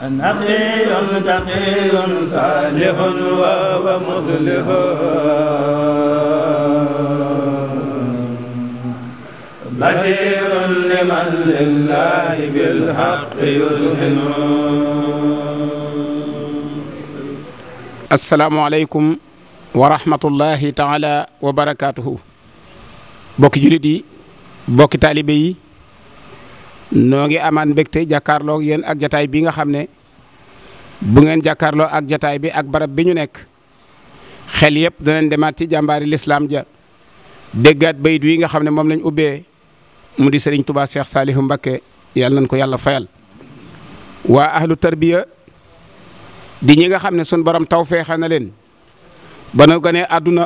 نقي تقي صالح وهو مصلح بشير لمن لله بالحق يزهن السلام عليكم ورحمة الله تعالى وبركاته بوكي جلدي بوكي طالبي noo ngi amaan tey jàkkaarloo yéen ak jataay bii nga xam ne bu ngeen jàkkaarloo ak jataay bi ak barab bi ñu nekk xel yëpp danañ demaat ci jàmbaari lislaam ja déggaat bayit wi nga xam ne moom lañ ubbee mu di sëriñ tubaa seex saalihu mbakke yàlla nañ ko yàlla fayal waa ahlu tarbiya di ñi nga xam ne sun borom taw feexa na leen ba nu ganee àdduna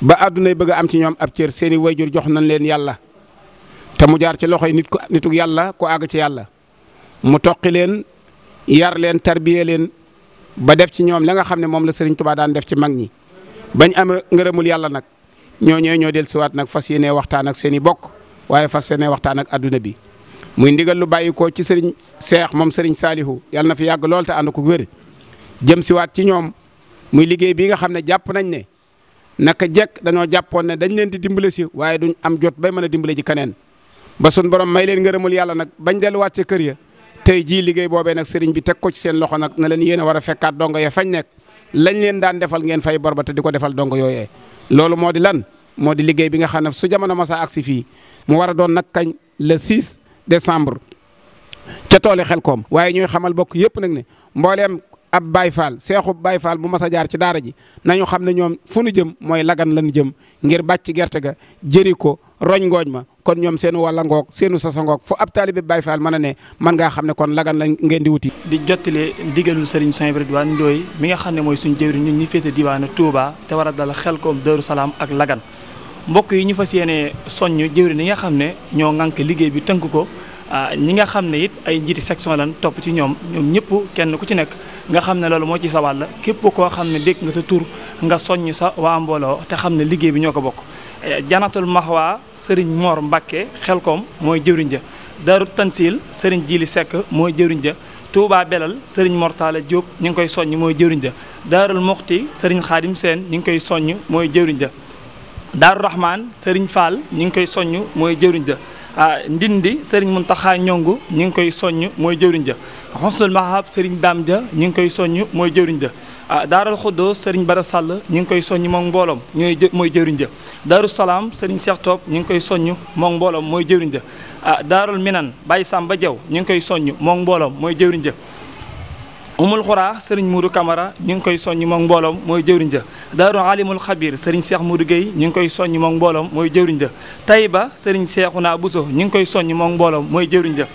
ba àdduna yi bëgg am ci ñoom ab cër seeni wayjur jox nañ leen yàlla te mu jaar ci loxo yi nit ku nitu yàlla ku àgg ci yàlla mu toqi leen yar leen tarbiye leen ba def ci ñoom la nga xam ne moom la Serigne Touba daan def ci mag ñi bañ am ngërëmul yàlla nag ñoo ñooy ñoo dellusiwaat nag fas yéenee waxtaan ak seeni bokk waaye fa yéenee waxtaan ak adduna bi. muy ndigal lu bàyyi ko ci Serigne Seex moom Serigne Saalihu yàlla na fi yàgg lool te ànd ko wér jëm siwaat ci ñoom muy liggéey bi nga xam ne jàpp nañ ne naka jekk dañoo jàppoon ne dañ leen di dimbale si waaye duñ am jot bay mën dimbale ji keneen. ba sun borom may leen ngërëmul yàlla nag bañ delluwaat ca kër ya tey jii liggéey boobee nag sëriñ bi teg ko ci seen loxo nag na leen yéen a a fekkaat dongo ya fañ nekk lañ leen daan defal ngeen fay bor ba te di ko defal dongo yooyee loolu moo di lan moo di liggéey bi nga xam ne su jamono masa agsi fii mu war doon nag kañ le 6 décembre ca tooli xel koom waaye ñooy xamal bokk yëpp nag ne mbooleem ab Baye faal seexub baay Fall bu mas a jaar ci daara ji nañu xam ne ñoom fu nu jëm mooy lagan lañu jëm ngir bàcc gerte ga jëri ko roñ ngooñ ma kon ñoom seenu wàlla ngoog seenu sasa ngoog fu ab taalibe Baye Fall mën a ne man ngaa xam ne kon lagan la ngeen di wuti. di jottali ndigalul Serigne Souhaïbou Ridwane Ndoye mi nga xam ne mooy suñu jëwriñ ñun ñi féete diwaanu Touba te war a dal Xelkom Daaru Salaam ak lagan mbokk yi ñu fas yéene soññ jëwriñ yi nga xam ne ñoo ŋànk liggéey bi tënk ko ah, ñi nga xam ne it ay njiiti section lan topp ci ñoom ñoom ñëpp kenn ku ci nekk nga xam ne loolu moo ci sa wàll képp koo xam ne dégg nga sa tur nga soññ sa waa mbooloo te xam ne liggéey bi ñoo ko bokk eh, janatul maxwaa sëriñ Mor Mbàkke xelkoom mooy jëwriñ ja daaru tansil sëriñ Jili sekk mooy jëwriñ ja Touba Belal sëriñ Mortala Diop ñu ngi koy soññ mooy jëwriñ ja daarul muxti sëriñ Xaadim Seen ñu ngi koy soññ mooy jëwriñ ja daaru Rahman sëriñ Fall ñu ngi koy soññ mooy jëwriñ ja Ah, ndindi sëriñ Muntaxa ñongu ñu ngi koy soññ mooy jëwriñ ja xosnul mahab sëriñ daam ja ñu ngi koy soññ mooy jëriñ ja ah daaral xuddoos sëriñ bara sàll ñu ngi koy soññ moom mbooloom ñooy mooy jëwriñ ja daaru salaam sëriñ seex ñu ngi koy soññ moom mbooloom mooy jëwriñ ja ah daarul minan bàyyi sàmba jaw ñu ngi koy soññ moom mbooloom mooy jëwriñ ja umul xuraa sëriñ Moudou Camara ñu ngi koy soññ moom mbooloom mooy jëwriñ ja daaru alimul xabir sëriñ Cheikh Moudou Guèye ñu ngi koy soññ moom mbooloom mooy jëwriñ ja Taïba sëriñ Cheikhouna Bousso ñu ngi koy soññ moom mbooloom mooy jëwriñ ja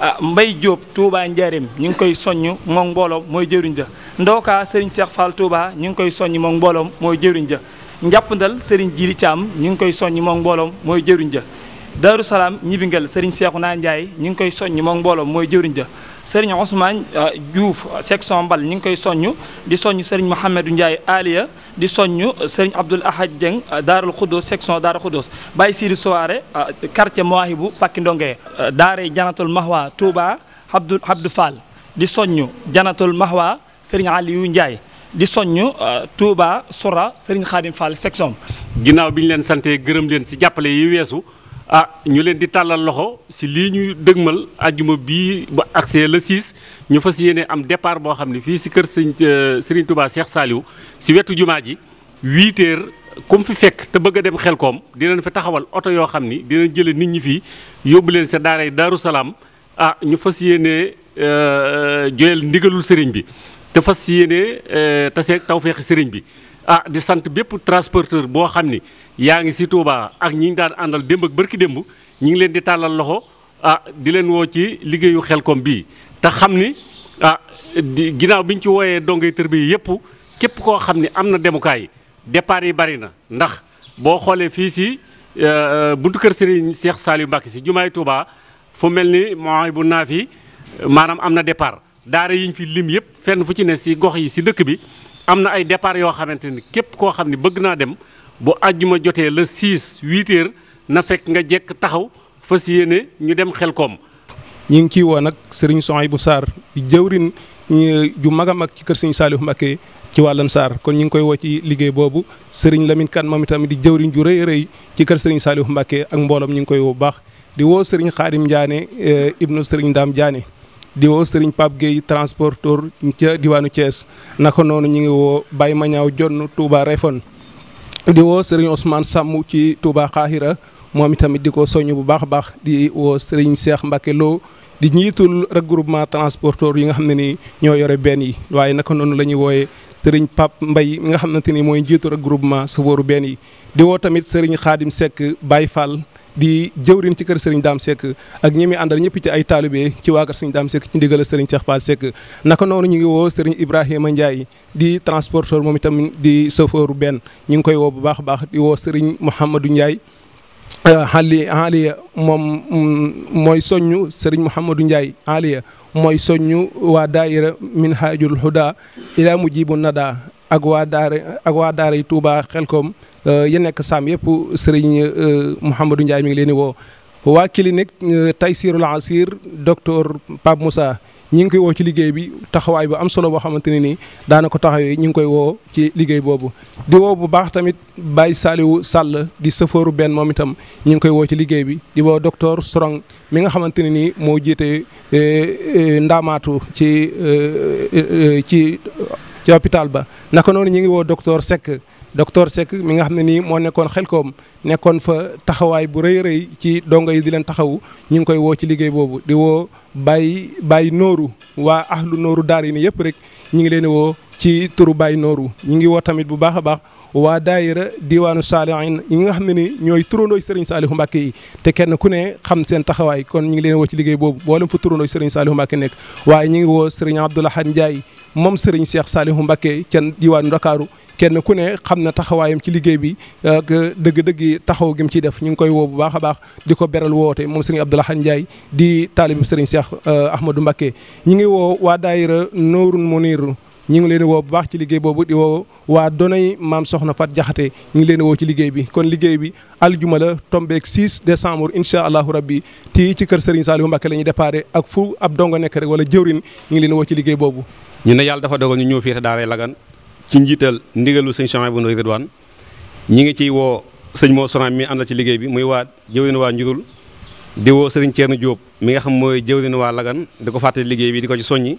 ah Mbay Jóob Touba Njaareem ñu ngi koy soññ moom mbooloom mooy jëwriñ ja Ndoka sëriñ Cheikh Fall Touba ñu ngi koy soññ moom mbooloom mooy jëwriñ ja njàppandal sëriñ Jili Thiam ñu ngi koy soññ moom mbooloom mooy jëwriñ ja daaru salaam ñibingal sëriñ Seexuna Njaay ñu ngi koy soññ moom mbooloo mooy jëwriñ ja sëriñ Ousmane euh, Diouf section mbal ñu ngi koy soññ di soññ sëriñ Mouhamadou Ndiaye Aliya di soññ sëriñ Abdoul Ahad Dieng euh, daarul Khuddoos section daaru Khuddoos Baye Siri Soare euh, quartier Mawahibou Pakki Ndonge daaray Janatul Mahwa Touba Abdou Abdou Fall di soññ Janatul Mahwa sëriñ Aliou Ndiaye di soññ Touba Sora sëriñ Khadim Fall section ginnaaw bi ñu leen sante gërëm leen si jàppale yi weesu ah ñu leen di tàllal loxo si lii ñuy dëgmal ajjuma bii ba accès le 6 ñu fas yéene am départ boo xam ne fii si kër sëñ euh, Serigne Touba Cheikh Saliou si wetu jumaa ji 8 comme fi fekk te bëgg a dem xel koom dinañ fa taxawal oto yoo xam ni dina jële nit ñi fii yóbbu leen sa daaray Daaru Salaam ah ñu fas yéene euh, joyal ndigalul sëriñ bi te fas yéene euh, taseeg tawféexi sëriñ bi a ah, di sant bépp transporteur boo xam ni yaa ngi si Touba ak ñi ñu daan àndal démb ak bërki démb ñi ngi leen di tàllal loxo ah di leen woo ci liggéeyu xel Xelcom bii te xam ni ah di ginnaaw bi ñu ci wooyee dongay tër bi yëpp képp koo xam ni am na demukaay départ yi bari na ndax boo xoolee fii si eh, buntu kër Serigne saal yu Mbacké si jumaay Touba fu mel ni mooy bu naa fi maanaam am na départ daara yiñ fi lim yëpp fenn fu ci ne si gox yi si dëkk bi am na ay départ yoo xamante ni képp koo xam ni bëgg naa dem bu àjjuma jotee le 6 8 na fekk nga jekk taxaw fas yéene ñu dem Xelkom. ñu ngi ciy woo nag sëriñ Souhaïbou Sarr di jëwrin eh, ju mag a mag ci kër sëriñ Saliou Mbacké ci wàllan Sarr kon ñu ngi koy woo ci liggéey boobu sëriñ Lamine Kane moom itamit di jëwriñ ju rëy rëy ci kër sëriñ Saliou mbake ak mbooloom ñu ngi koy woo baax di woo sëriñ Xaadim Ndiané eh, ibnu sëriñ Dame Ndiané. di woo Serigne Pape Gueye transporteur ca diwaanu Thiès naka noonu ñu ngi woo Baye Mañaaw Jonn Touba Refon di woo Serigne Ousmane Sàmm ci Touba Xaahira moom itamit di ko soññ bu baax a baax di woo Serigne Cheikh Mbacke Lo di njiitul groupement transporteur yi nga xam ne ni ñoo yore benn yi waaye naka noonu la ñuy wooyee Serigne Pape Mbaye mi nga xamante ni mooy njiitu regroupement safooru benn yi di woo tamit Serigne Khadim Seck Baye Fall. di jëwrin ci kër sëriñ daam sekk ak ñi mi àndal ñëpp ci ay taalibe ci waa kër sëriñ daam sekk ci ndigal sëriñ Cheikh Fall sekk naka noonu ñu ngi woo sëriñ Ibrahima Ndiaye di transporteur moom tamit di chauffeur benn ñu ngi koy woo bu baax a baax di woo sëriñ Mouhamadou Ndiaye euh, ali aliya moom mm, mooy soññu sëriñ Mouhamadou Ndiaye aliya mooy soññu waa daayira minhajul huda ila mujibu nada ak waa daara ak waa daara yi Touba Xelkom euh, ya nekk saam yëpp sëriñ euh, Mouhamadou Ndiaye mi ngi leen di woo. waa clinique euh, Taysirul Asir docteur Pape Moussa ñi ngi koy woo ci liggéey bi taxawaay bu am solo boo xamante ne nii daana ko taxawee ñi ngi koy woo ci liggéey boobu. di woo bu baax tamit Baye Saliou Sall di sëfooru benn moom itam ñi ngi koy woo ci liggéey bi di woo doktor Strong mi nga xamante ne nii moo jiite ndaamaatu ci ci. ca hôpital ba naka noonu ñu ngi woo docteur sek doctor sek mi nga xam ne nii moo nekkoon xelkoom nekkoon fa taxawaay bu rëy rëy ci dongo yi di leen taxawu ñu ngi koy woo ci liggéey boobu di woo Baye Baye Nooru waa ahlu Nooru daar yi nii yëpp rek ñu ngi leen di woo ci turu Baye Nooru ñu ngi woo tamit bu baax baax. waa daayira diwaanu saalihin yi nga xam ne ni ñooy turandoo Serigne Saliou Mbacké yi te kenn ku ne xam seen taxawaay kon ñu ngi leen woo ci liggéey boobu boolem fa turandoo Serigne Saliou Mbacké nekk waaye ñu ngi woo Serigne Abdoulaye Ndiaye moom sëriñ Cheikh Saliou Mbacké cenn diwaanu Ndakaaru kenn ku ne xam na taxawaayam ci liggéey bi ak dëgg taxaw gi mu ciy def ñu ngi koy woo bu baax a baax di ko beral woote moom sëriñ Abdoulaye Ndiaye di taalibu sëriñ Cheikh eh, Ahmadou Mbacké ñi ngi woo waa daayira Nourul Mounir ñu ngi leen woo bu baax ci liggéey boobu di woo waa donay maam soxna Fat Jaxate ñu ngi leen woo ci liggéey bi kon liggéey bi aljuma la tombeek 6 décembre incha allahu rabbi tii ci kër Serigne Saliou Mbacké la ñuy déparé ak fu ab donga nekk rek wala jëwrin ñu ngi leen woo ci liggéey boobu ñu ne yàlla dafa dogal ñu ñëw fii te daaray Lagan ci njiital ndigalu sëñ Cheikh bu Ndoye Ridwan ñi ngi ciy woo sëñ moo sonaam mi ànd na ci liggéey bi muy waa jëwrin waa njurul di woo sëriñ Thierno mi nga xam mooy jëwrin waa Lagan di ko fàttali liggéey bi di ko ci soññi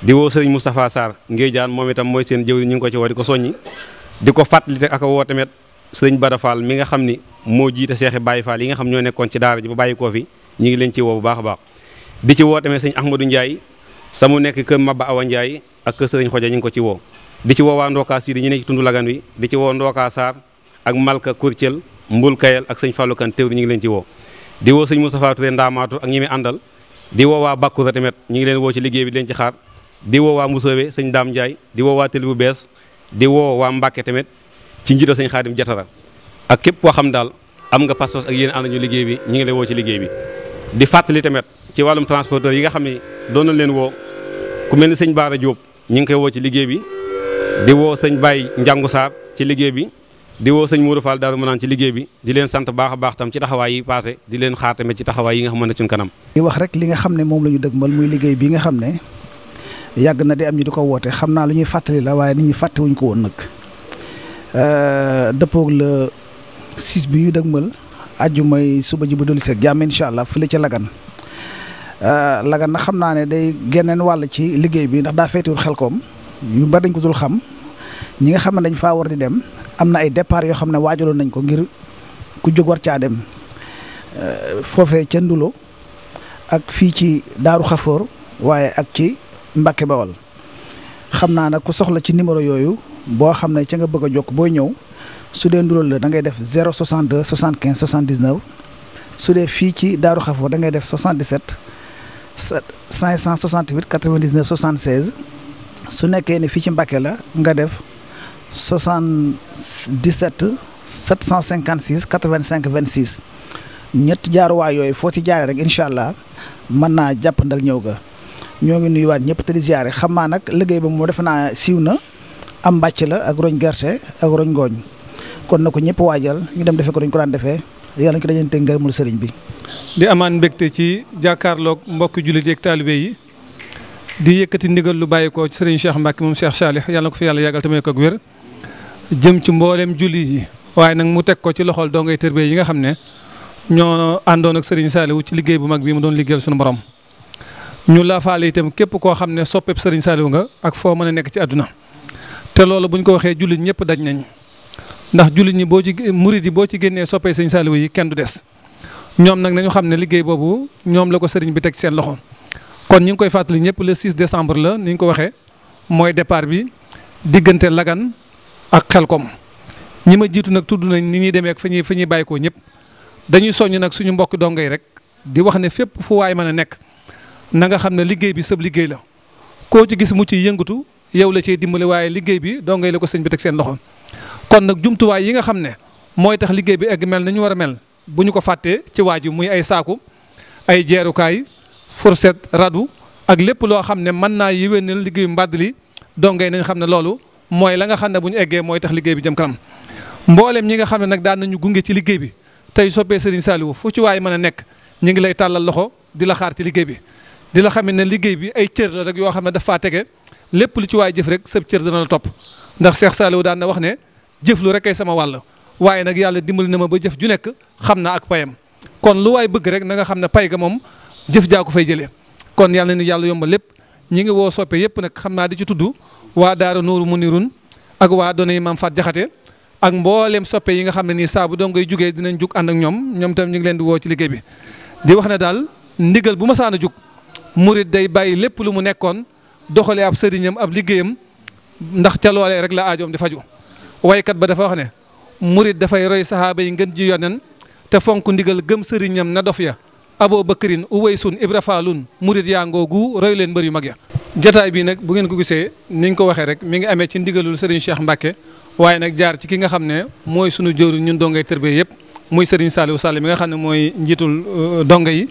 di woo sëriñ Moustapha Sarr Ngéejaan moom itam mooy seen jëw ñu ngi ko ci woo di ko soññi di ko fàttalite ak woo tamit sëriñ Bada Fall mi nga xam ni moo jiite seexi Baye faal yi nga xam ñoo nekkoon ci daara ji ba bàyyi koo fi ñu ngi leen ci woo bu baax a baax di ci woo tamit sëriñ Ahmadou Ndiaye sa mu nekk kër Maba Awa Ndiaye ak kër sëriñ Xoja ñu ngi ko ci woo di ci woo waa Ndoka Sidi ñu nekk ci tund lagan wi di ci woo Ndoka Sarr ak Malka Kurcel Mbul Kayel ak sëñ Fallou Kan Tewri ñu ngi leen ci woo di woo sëñ Moustapha Touré Ndaamaatu ak ñi muy àndal di woo waa Bakoura tamit ñu ngi leen woo ci bi di leen di woo waa Mboussobé sëñ Daam Ndiaye di woo waa Télé bu bees di woo waa Mbàkke tamit ci njiital sëñ Xaadim Jatara ak képp koo xam daal am nga passeport ak yéen ànd ñu liggéey bi ñu ngi lay woo ci liggéey bi di tamit ci wàllum transporteur yi xam ne doon na leen woo ku mel ni sëñ Baara Diop ñu ngi koy woo ci liggéey bi di woo sañ baay Njàngu Saar ci liggéey bi di woo sëñ Mourou Fall Daaru Manaan ci liggéey bi di leen sant baax a baax tam ci taxawaay yi passé di leen xaar tamit ci taxawaay yi nga xam ne suñ kanam. di wax rek li nga xam ne moom la ñu dëgmal muy liggéey bi nga xam ne yàgg na di am ñu di ko woote xam naa lu ñuy fàttali la waaye nit ñi fàttewuñ ko woon nag euh, dëppoog le 6 bi ñu dëgmal aju mooy suba ji bu dolli seeg jàmm incha allah fële ca Lagan euh, Lagan na xam naa ne day geneen wàll ci liggéey bi ndax daa xel koom yu bari dañ ko dul xam ñi nga xam ne dañ faa war di dem am na ay départ yoo xam ne waajaloon nañ ko ngir ku jóg war caa dem euh, foofe ca Ndulo ak fii ci Daaru Xafoor waaye ak ci. Mbacke Bawal xam naa nag ku soxla ci numéro yooyu boo xam ne ca nga bëgg a jokk booy ñëw su dee ndural la da ngay def 062 75 79 su dee fii ci Daaru Xafo da ngay def 77 568 99 76 su nekkee ne fii ci Mbacke la nga def 77 756 85 26 ñett jaaruwaay yooyu foo ci jaaree rek incha allah mën naa jàpp ndal ñëw ga. ñoo ngi nuyuwaat ñëpp te di ziare xam naa nag liggéey ba moom defe naa siiw na am mbàcc la ak roñ gerte ak roñ ngooñ kon na ko ñëpp waajal ñu dem defe ko dañ ko daan defee yàlla ñu ko dajante ngërëmul sëriñ bi. di amaan mbégte ci jàkkaarloog mbokk jullit yeeg taalibe yi di yëkkati ndigal lu bàyyi ko ci sëriñ Cheikh moom Cheikh Salih yàlla na ko fi yàlla yàggal tamit ko ak wér jëm ci mboolem jullit yi waaye nag mu teg ko ci loxol dongay tërbe yi nga xam ne ñoo àndoon ak sëriñ Saliou ci liggéey bu mag bi mu doon liggéeyal suñu borom ñu laafaale itam képp koo xam ne soppeeb Serigne Saliou nga ak foo mën a nekk ci àdduna te loolu bu buñ ko waxee jullit ñëpp daj nañ ndax jullit ñi boo ci murid yi boo ci génnee soppee Serigne Saliou yi kenn du des ñoom nag nañu xam ne liggéey boobu ñoom la ko sëriñ bi teg seen loxo kon ñi ngi koy fàttali ñëpp le 6 décembre la ni ñu ko waxee mooy départ bi diggante Lagan ak xel Xelkom ñi ma jiitu nag tudd nañ ni ñuy demee ak fa ñuy fa ñuy bàyyi ko ñëpp dañuy soññ nag suñu mbokki dongo yi rek di wax ne fépp fu mën a nekk. na nga xam ne liggéey bi sëb liggéey la koo ci gis mu ciy yëngatu yow la cee dimbale waaye liggéey bi doo ngay la ko sëñ bi teg seen loxo kon nag jumtuwaay yi nga xam ne mooy tax liggéey bi egg mel na ñu war a mel bu ñu ko fàttee ci waaj wi muy ay saaku ay jeerukaay fourchette radu ak lépp loo xam ne mën naa yéwénal liggéeyu mbàdd li doo ngay nañ xam ne loolu mooy la nga xam ne bu ñu eggee mooy tax liggéey bi jëm kanam mboolem ñi nga xam ne nag daan nañu gunge ci liggéey bi tey soppee Serigne Saliou fu ci waay mën a nekk ñu ngi lay tàllal loxo di la xaar ci liggéey bi di la xamee ne liggéey bi ay cër la rek yoo xam ne dafa faa tege lépp lu ci waay jëf rek sab cër dana la topp ndax Cheikh Saliou daan na wax ne jëf lu rek ay sama wàll waaye nag yàlla dimbali na ma ba jëf ju nekk xam naa ak payam kon lu waay bëgg rek na nga xam ne pay ga moom jëf jaa ko fay jëlee kon yàlla nañu yàlla yombal lépp ñi ngi woo soppe yëpp nag xam naa di ci tudd waa Daara Nuuru Munirun ak waa Donay Maam Faat Jaxate ak mboolem soppe yi nga xam ne nii saa bu dong jugee dinañ jug ànd ak ñoom ñoom tam ñu ngi leen di woo ci liggéey di wax ne daal ndigal bu ma saan a jug murit day bàyyi lépp lu mu nekkoon doxalee ab sëriñam ab liggéeyam ndax ca loolee rek la aajoom di faju waykat ba dafa wax ne murit dafay roy saxaaba yi ngeen ji yonen te fonk ndigal gëm sëriñam na dof ya aboo bakrin uwaysun ibra faalun murit yaa ngoogu roy leen mbër yu mag ya jataay bii nag bu ngeen ko gisee niñ ko waxee rek mi ngi amee ci ndigalul sëriñ Cheikh Mbacke waaye nag jaar ci ki nga xam ne mooy sunu jëwriñ ñun dongay tërbee yëpp muy Serigne Saliou Sall bi nga xam ne mooy njiitul euh, donga yi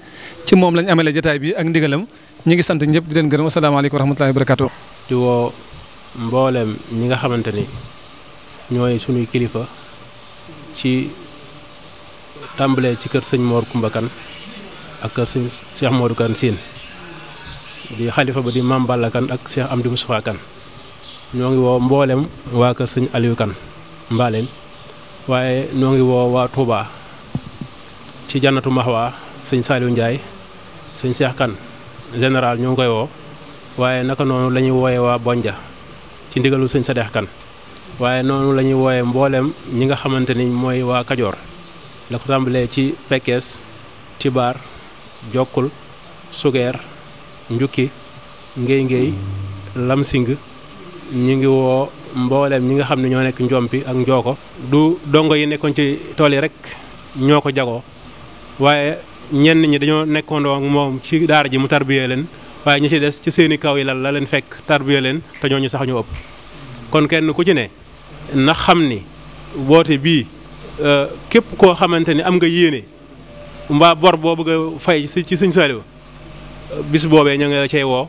ci moom lañ amele jataay bi ak ndigalam ñi ngi sant ñëpp di leen gërëm asalaamaaleykum wa rahmatulahi di woo mbooleem ñi nga xamante ni ñooy suñuy kilifa ci tàmbalee ci kër sëñ Mor Kumba Kan ak kër sëñ Cheikh Modou Kan Siin di xalifa ba di Maam Kan ak Cheikh Amdi Moustapha Kan ñoo ngi woo mboolem waa kër sëñ Aliou Kan mbaaleen waaye noo ngi woo waa Touba ci jannatu Mahwa sëñ Saliou Ndiaye sëñ Cheikh Kane général ñoo ngi koy woo waaye naka noonu la ñuy waa Bonja ci ndigalu sëñ Sadex Kane waaye noonu lañuy ñuy mbooleem ñi nga xamante ni mooy waa Kajoor la ko tàmbalee ci Pekes Tibaar Jokkul Sugeer Njukki Ngéy Ngéy Lamsing ñu ngi woo mbooleem ñi nga xam ne ñoo nekk njompi ak njooko du dongo yi nekkoon ci tool yi rek ñoo ko jagoo waaye ñenn ñi dañoo nekkoondoo moom ci daara ji mu tarbiyee leen waaye ñi ci des ci seeni kaw yi lan la leen fekk tarbiyee leen te ñu sax ñu ëpp kon kenn ku ci ne na xam ni woote bii euh, képp koo xamante ni am nga yéene mbaa bor boo bëgg a fay ci Sëñ Saaliw bis boobee ña nga la woo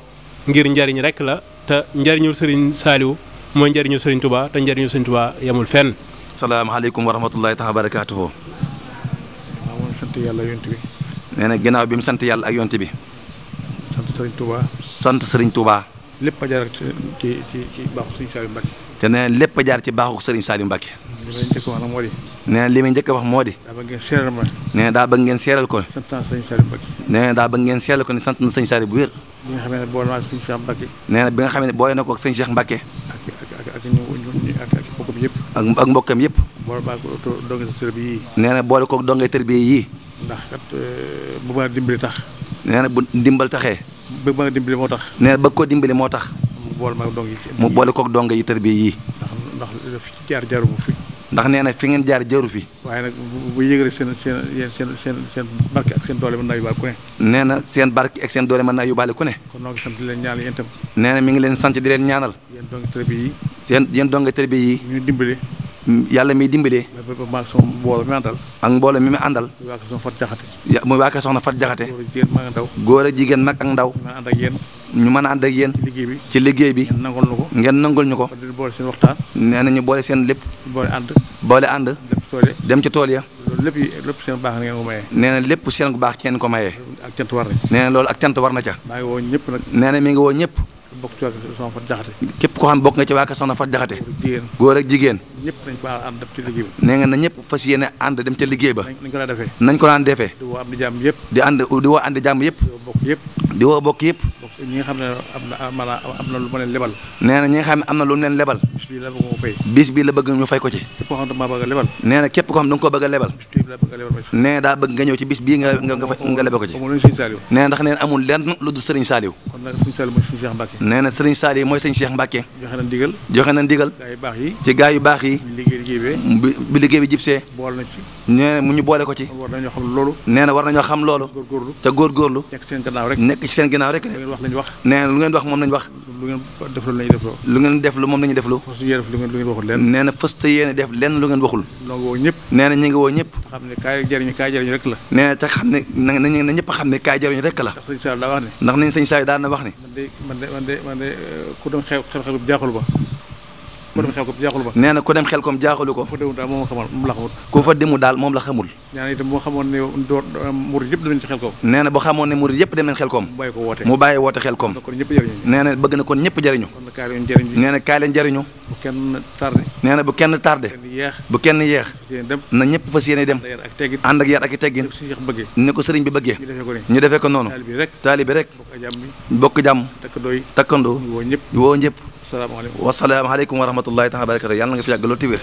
ngir njariñ rek la te njariñul Sëriñ Saaliw mooy njëriñu sëriñ Touba te njëriñu sëriñ Touba yemul fenn. salaamaaleykum wa rahmatulahi taala barakaatuhu. sant yàlla yont bi. nee na ginnaaw bi mu sant yàlla ak yont bi. sant sëriñ Touba. sant sëriñ Touba. lépp a ci ci ci baaxu sëriñ Saliou Mbacke. te nee na a jaar ci li may njëkk a wax nag moo di. nee na li a wax moo di. daa bëgg ngeen seeral daa bëgg ngeen seeral ko. sant sant na sëriñ Saliou bu wér. bi nga xam ne boole naa ak sëriñ nga xam ne boole na ko ak sëriñ Cheikh Mbacke yëpp. ak ak yépp yëpp. boole maa ko donge tërbi yii. nee na boole koog donge tërbi yii. ndax kat euh, bu ma dimbali tax. nee na bu dimbal taxee. bëgg ma dimbali moo tax. nee na bëgg koo dimbali moo tax. mu boole maa donge yi. mu boole koog donge yi tërbi yii. ndax ndax jaar jaaru ndax nee na fi ngeen jaar jaru fi. waaye nag bu yëgalee seen seen seen seen seen barke ak seen doole mën naa yóbbaale ku ne. nee na seen barke ak seen doole mën naa yóbbaale ne. kon noo ngi sant di leen nee na mi ngi leen sant di leen ñaanal. yéen dong tërbi yi. seen yéen dong tërbi yi. ñu mm, yàlla miy dimbale maa sama mbooloo mi àndal. ak mbooloo mi mu àndal. muy waa ko soxna Fat Jaxate. ya muy waa ko Fat Jaxate. góor ak jigéen nag ak ndaw. man ànd ak ñu mën a ànd ak ci liggéey bi ci liggéey bi. ngeen nangul ñu ko ngeen nangul ñu ko. boole seen waxtaan. nee nañu boole seen lépp. boole ànd. boole ànd. dem ca tool ya. lépp lépp seen baax nee na lépp seen baax ngeen ko maye. ak cant war na nee loolu ak cant war na ca. maa ngi woo ñëpp nee na mi ngi woo ñëpp. bokk ci waa soxna képp koo xam bokk nga ci waa soxna Fat Jaxate. góor ak jigéen. ñëpp nañ ko ànd dem nee nga na ñëpp fas yéene ànd dem ca liggéey ba. nañ ko daan defee. nañ ko daan defee. di am yëpp. di ànd di woo ànd jàmm yëpp. di woo bokk yëpp. di woo bokk yëpp. ñi nga xam ne am na am na lu leen lebal. nee na xam ne am na lu mu leen lebal. bis bii la bëgg ñu fay ko ci. képp ne maa bëgg a lebal. nee képp koo xam ne da nga a lebal. bis a lebal ma ci. nee na daa bëgg nga ñëw ci bis bii nga lebal ko ci. nee ndax nee na amul lu dul Serigne Saliou nee na sëriñ Saliou mooy sëñ Cheikh Mbacke. joxe na ndigal joxe na ndigal. ci gaa yu baax yi. bi bi liggéey bi jibsee. boole na ci. nee lu ngeen wax moom lañ wax. lu ngeen def lu moom lañuy def lu. fas yéene def lenn. lu ngeen waxul. noo woo xam ne kaay jëriñu rek la. nee na te xam ne na wax ni. man de man de man de man de euh, ku doon xew xew xew jaaxul ba. ku dem xel kom jaaxalu ba dem xel kom jaaxalu ko ku fa demul daal moom la xamul ku fa xamoon ne door euh, murid dem nañ xel kom mu bàyyi woote xel kom nee bëgg na kon ñëpp jëriñu nee na kaay leen bu kenn tardé bu kenn yeex na ñëpp fas yéene dem ànd ak yar ak teggin ni ko sëriñ bi bëggee ñu defee ko noonu taalibi rek bokk jàmm takkandoo woo ñëpp salaamaaleykum wasalaamaaleykum wa rahmatullahi taala barakatu yàlla na nga fi yàgg loolu te wér